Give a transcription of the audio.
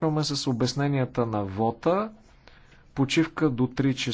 Продължаваме с обясненията на вота. Почивка до 3 часа.